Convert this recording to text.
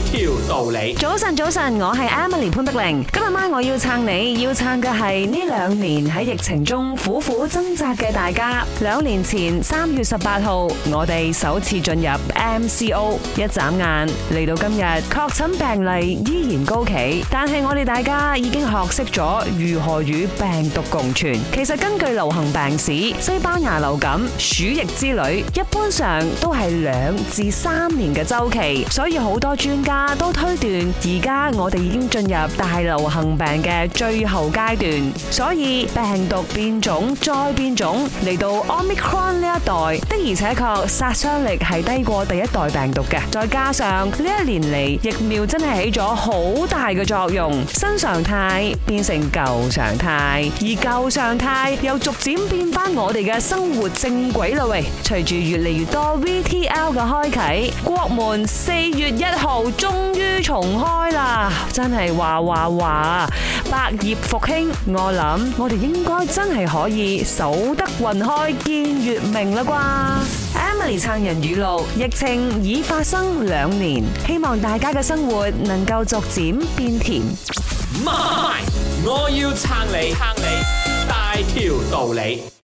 條道理。早晨，早晨，我係 Emily 潘德玲。今日晚我要撐你，要撐嘅係呢兩年喺疫情中苦苦掙扎嘅大家。兩年前三月十八號，我哋首次進入 MCO，一眨眼嚟到今日，確診病例依然高企，但係我哋大家已經學識咗如何與病毒共存。其實根據流行病史，西班牙流感、鼠疫之類，一般上都係兩至三年嘅周期，所以好多專家都推斷，而家我哋已經進入大流行病嘅最後階段，所以病毒變種再變種嚟到 Omicron 呢一代，的而且確殺傷力係低過第一代病毒嘅。再加上呢一年嚟疫苗真係起咗好大嘅作用，新常態變成舊常態，而舊常態又逐漸變翻我哋嘅生活正軌咯。喂，隨住越嚟越多 VTL 嘅開啟，國門四月一號。終於重開啦！真係話話話百業復興，我諗我哋應該真係可以守得雲開見月明啦啩！Emily 撐人語錄，疫情已發生兩年，希望大家嘅生活能夠逐漸變甜。我要撐你，撐你，大條道理。